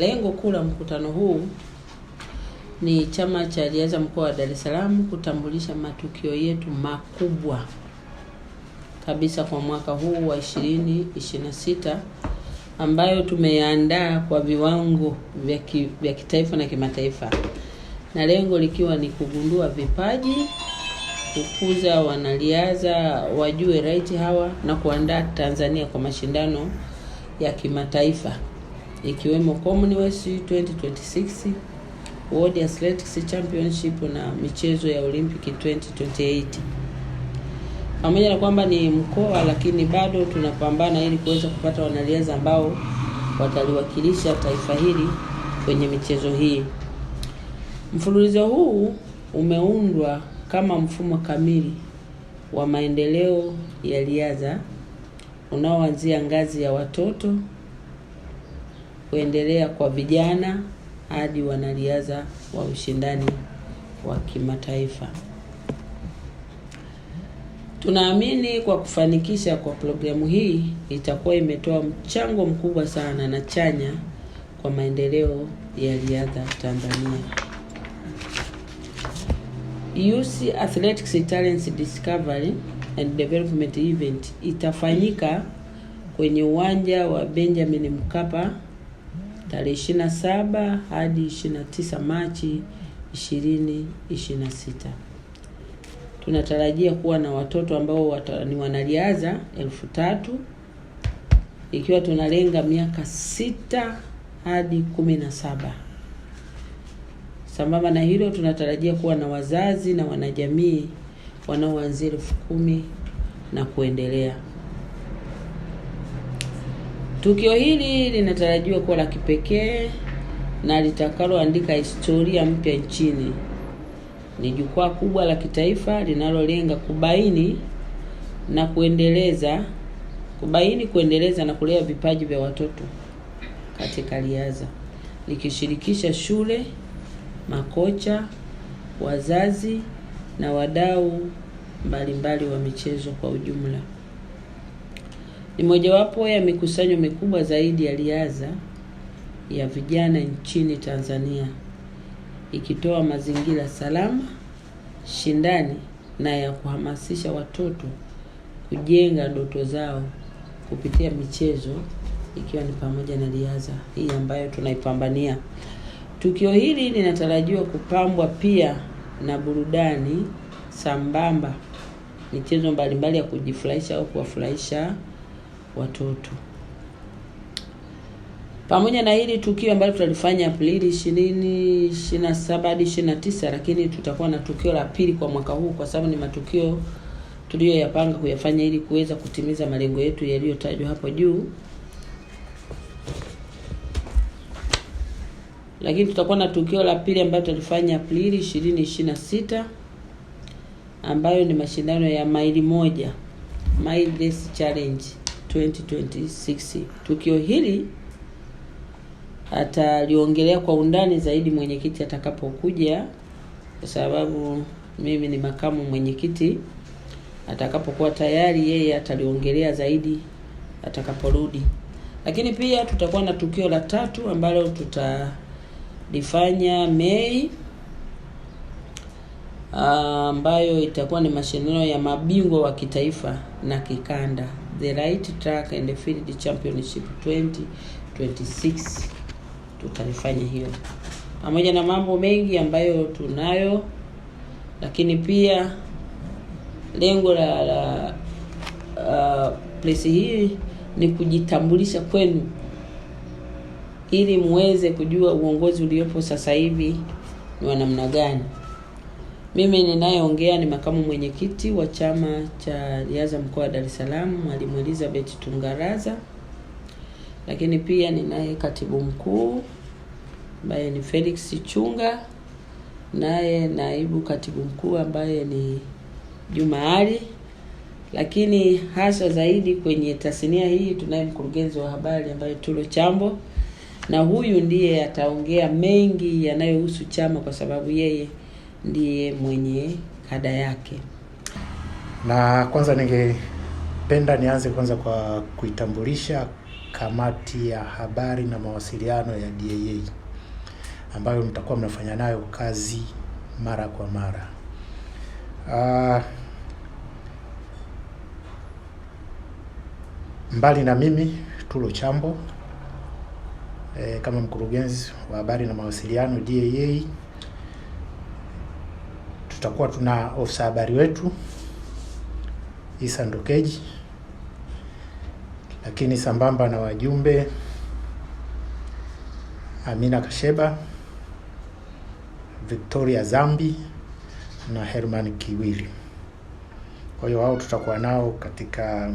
Lengo kuu la mkutano huu ni chama cha riadha mkoa wa Dar es Salaam kutambulisha matukio yetu makubwa kabisa kwa mwaka huu wa 2026 ambayo tumeandaa kwa viwango vya ki, vya kitaifa na kimataifa, na lengo likiwa ni kugundua vipaji, kukuza wanariadha wajue right hawa na kuandaa Tanzania kwa mashindano ya kimataifa ikiwemo Commonwealth 2026, World Athletics Championship na michezo ya Olympic 2028. Pamoja na kwamba ni mkoa, lakini bado tunapambana ili kuweza kupata wanariadha ambao wataliwakilisha taifa hili kwenye michezo hii. Mfululizo huu umeundwa kama mfumo kamili wa maendeleo ya riadha unaoanzia ngazi ya watoto kuendelea kwa vijana hadi wanariadha wa ushindani wa kimataifa. Tunaamini kwa kufanikisha kwa programu hii itakuwa imetoa mchango mkubwa sana na chanya kwa maendeleo ya riadha Tanzania. UC Athletics Talents Discovery and Development Event itafanyika kwenye uwanja wa Benjamin Mkapa tarehe 27 hadi 29 Machi 2026. Tunatarajia kuwa na watoto ambao wata, ni wanariadha elfu tatu ikiwa tunalenga miaka sita hadi kumi na saba. Sambamba na hilo, tunatarajia kuwa na wazazi na wanajamii wanaoanzia elfu kumi na kuendelea. Tukio hili linatarajiwa kuwa la kipekee na litakaloandika historia mpya nchini. Ni jukwaa kubwa la kitaifa linalolenga kubaini na kuendeleza kubaini, kuendeleza na kulea vipaji vya watoto katika riadha, likishirikisha shule, makocha, wazazi na wadau mbalimbali wa michezo kwa ujumla ni mojawapo ya mikusanyo mikubwa zaidi ya riadha ya vijana nchini Tanzania, ikitoa mazingira salama, shindani na ya kuhamasisha watoto kujenga ndoto zao kupitia michezo ikiwa ni pamoja na riadha hii ambayo tunaipambania. Tukio hili linatarajiwa kupambwa pia na burudani sambamba, michezo mbalimbali ya kujifurahisha au kuwafurahisha watoto. Pamoja na hili tukio ambalo tutalifanya Aprili 20, 27 hadi 29, lakini tutakuwa na tukio la pili kwa mwaka huu, kwa sababu ni matukio tuliyoyapanga kuyafanya ili kuweza kutimiza malengo yetu yaliyotajwa hapo juu. Lakini tutakuwa na tukio la pili ambalo tutalifanya Aprili ishirini ishirini ambayo ni mashindano ya maili moja, Mile Race Challenge 2026. Tukio hili ataliongelea kwa undani zaidi mwenyekiti atakapokuja, kwa sababu mimi ni makamu mwenyekiti. Atakapokuwa tayari, yeye ataliongelea zaidi atakaporudi. Lakini pia tutakuwa na tukio la tatu ambalo tutalifanya Mei ambayo itakuwa ni mashindano ya mabingwa wa kitaifa na kikanda, the right Track and Field Championship 2026 tutalifanya hiyo, pamoja na mambo mengi ambayo tunayo, lakini pia lengo la, la uh, place hii ni kujitambulisha kwenu ili muweze kujua uongozi uliopo sasa hivi ni wa namna gani. Mimi ninayeongea ni makamu mwenyekiti wa chama cha riadha mkoa wa Dar es Salaam, Mwalimu Elizabeth Tungaraza, lakini pia ninaye katibu mkuu ambaye ni Felix Chunga, naye naibu katibu mkuu ambaye ni Juma Ali, lakini hasa zaidi kwenye tasnia hii tunaye mkurugenzi wa habari ambaye Tulo Chambo, na huyu ndiye ataongea mengi yanayohusu chama kwa sababu yeye ndiye mwenye kada yake. Na kwanza ningependa nianze kwanza kwa kuitambulisha kamati ya habari na mawasiliano ya DAA ambayo mtakuwa mnafanya nayo kazi mara kwa mara. Uh, mbali na mimi Tulo Chambo e, kama mkurugenzi wa habari na mawasiliano DAA tutakuwa tuna ofisa habari wetu Isa Ndokeji, lakini sambamba na wajumbe Amina Kasheba, Victoria Zambi na Herman Kiwili. Kwa hiyo wao tutakuwa nao katika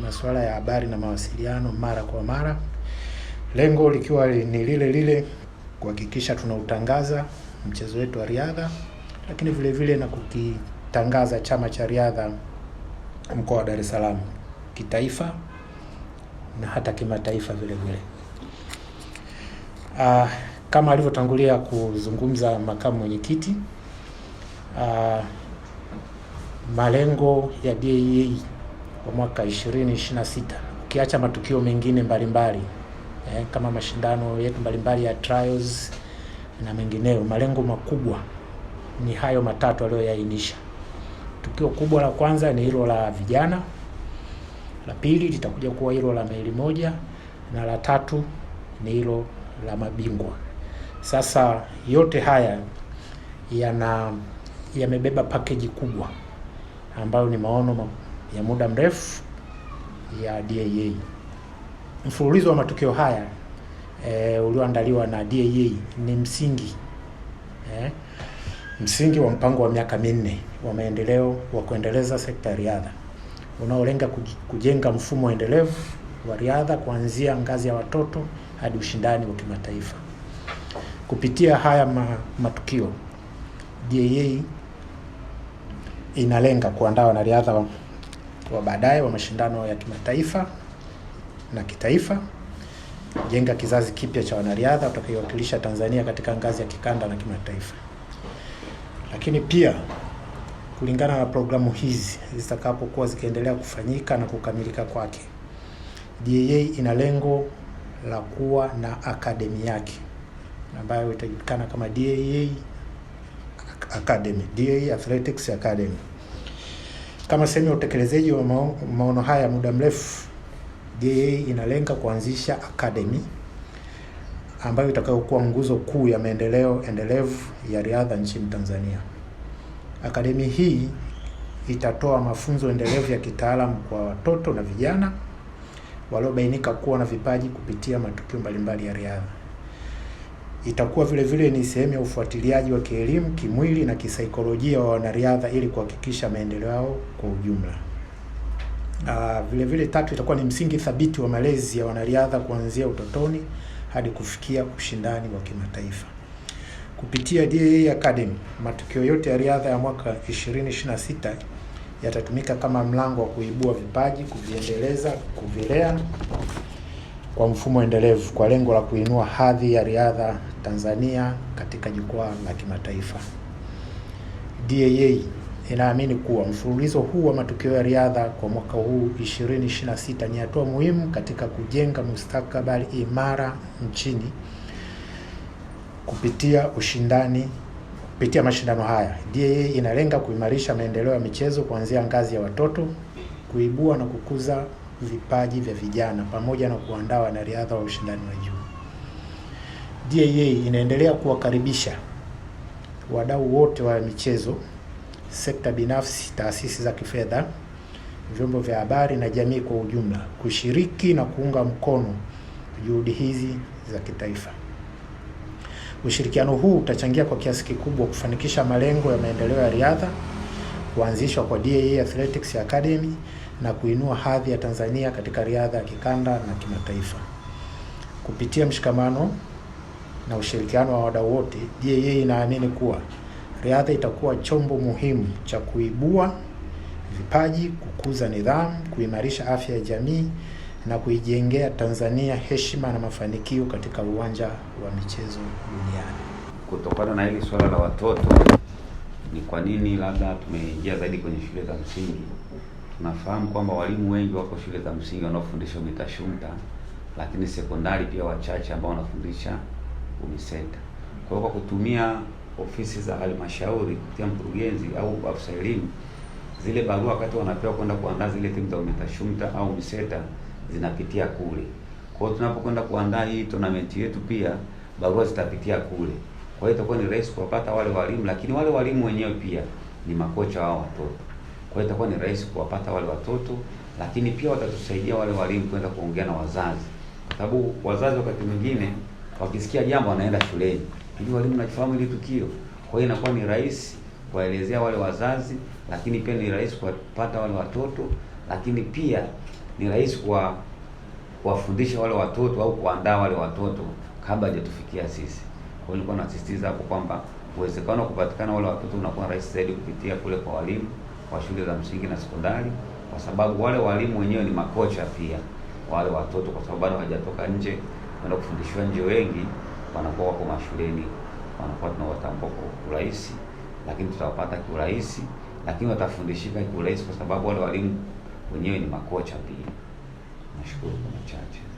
masuala ya habari na mawasiliano mara kwa mara, lengo likiwa ni lile lile, kuhakikisha tunautangaza mchezo wetu wa riadha lakini vile vile na kukitangaza chama cha riadha mkoa wa Dar es Salaam kitaifa na hata kimataifa vile vile. Uh, kama alivyotangulia kuzungumza makamu mwenyekiti uh, malengo ya DAA e kwa mwaka 2026 ukiacha matukio mengine mbalimbali mbali, eh, kama mashindano yetu mbalimbali mbali ya trials na mengineyo malengo makubwa ni hayo matatu aliyoyainisha. Tukio kubwa la kwanza ni hilo la vijana, la pili litakuja kuwa hilo la meli moja, na la tatu ni hilo la mabingwa. Sasa yote haya yana yamebeba package kubwa ambayo ni maono ya muda mrefu ya DAA. Mfululizo wa matukio haya e, ulioandaliwa na DAA ni msingi e, msingi wa mpango wa miaka minne wa maendeleo wa kuendeleza sekta ya riadha unaolenga kujenga mfumo endelevu wa riadha kuanzia ngazi ya watoto hadi ushindani wa kimataifa. Kupitia haya ma, matukio DAA inalenga kuandaa wanariadha wa, wa baadaye wa mashindano ya kimataifa na kitaifa, jenga kizazi kipya cha wanariadha watakaowakilisha Tanzania katika ngazi ya kikanda na kimataifa lakini pia kulingana na programu hizi zitakapokuwa zikiendelea kufanyika na kukamilika kwake, daa ina lengo la kuwa na akademi yake ambayo itajulikana kama DAA Academy, DAA Athletics Academy. Kama sehemu ya utekelezaji wa maono haya muda mrefu, DAA inalenga kuanzisha akademi ambayo itakayokuwa nguzo kuu ya maendeleo endelevu ya riadha nchini Tanzania. Akademi hii itatoa mafunzo endelevu ya kitaalamu kwa watoto na vijana waliobainika kuwa na vipaji kupitia matukio mbalimbali ya riadha. Itakuwa vile vile ni sehemu ya ufuatiliaji wa kielimu, kimwili na kisaikolojia wa wanariadha ili kuhakikisha maendeleo yao kwa ujumla. Aa, ah, vile vile tatu, itakuwa ni msingi thabiti wa malezi ya wanariadha kuanzia utotoni hadi kufikia ushindani wa kimataifa. Kupitia DAA e Academy, matukio yote ya riadha ya mwaka 2026 yatatumika kama mlango wa kuibua vipaji, kuviendeleza, kuvilea kwa mfumo endelevu kwa lengo la kuinua hadhi ya riadha Tanzania katika jukwaa la kimataifa. DAA e inaamini kuwa mfululizo huu wa matukio ya riadha kwa mwaka huu 2026 ni hatua muhimu katika kujenga mustakabali imara nchini kupitia ushindani. Kupitia mashindano haya, DAA inalenga kuimarisha maendeleo ya michezo kuanzia ngazi ya watoto, kuibua na kukuza vipaji vya vijana pamoja na kuandaa wanariadha wa ushindani wa juu. DAA inaendelea kuwakaribisha wadau wote wa michezo sekta binafsi, taasisi za kifedha, vyombo vya habari na jamii kwa ujumla kushiriki na kuunga mkono juhudi hizi za kitaifa. Ushirikiano huu utachangia kwa kiasi kikubwa kufanikisha malengo ya maendeleo ya riadha, kuanzishwa kwa DAA Athletics Academy na kuinua hadhi ya Tanzania katika riadha ya kikanda na kimataifa. Kupitia mshikamano na ushirikiano wa wadau wote, DAA inaamini kuwa riadha itakuwa chombo muhimu cha kuibua vipaji, kukuza nidhamu, kuimarisha afya ya jamii na kuijengea Tanzania heshima na mafanikio katika uwanja wa michezo duniani. Kutokana na hili suala la watoto, ni kwa nini labda tumeingia zaidi kwenye shule za msingi? Tunafahamu kwamba walimu wengi wako shule za msingi wanaofundisha UMITASHUMTA, lakini sekondari pia wachache ambao wanafundisha UMISETA. Kwa hiyo kwa kutumia ofisi za halmashauri kupitia mkurugenzi au afisa elimu, zile barua wakati wanapewa kwenda kuandaa zile timu za UMETASHUMTA au miseta zinapitia kule. Kwa hiyo tunapokwenda kuandaa hii tournament yetu pia barua zitapitia kule. Kwa hiyo itakuwa ni rahisi kuwapata wale walimu, lakini wale walimu wenyewe pia ni makocha wao watoto. Kwa hiyo itakuwa ni rahisi kuwapata wale watoto, lakini pia watatusaidia wale walimu kwenda kuongea na wazazi, kwa sababu wazazi wakati mwingine wakisikia jambo wanaenda shuleni Najua walimu nafahamu hili tukio, kwa hiyo inakuwa ni rahisi kuwaelezea wale wazazi, lakini pia ni rahisi kuwapata wale watoto, lakini pia ni rahisi kwa kuwafundisha wale watoto au kuandaa wale watoto kabla hajatufikia sisi. Kwa hiyo nilikuwa nasisitiza hapo kwamba uwezekano wa kupatikana wale watoto unakuwa rahisi zaidi kupitia kule kwa walimu wa shule za msingi na sekondari, kwa sababu wale walimu wenyewe ni makocha pia wale watoto, kwa sababu bado hawajatoka nje kwenda kufundishwa nje wengi wanakuwa wako mashuleni, wanakuwa tunawatambua kwa urahisi, lakini tutawapata kiurahisi, lakini watafundishika kiurahisi kwa sababu wale walimu wenyewe ni makocha pia. Nashukuru kwa machache.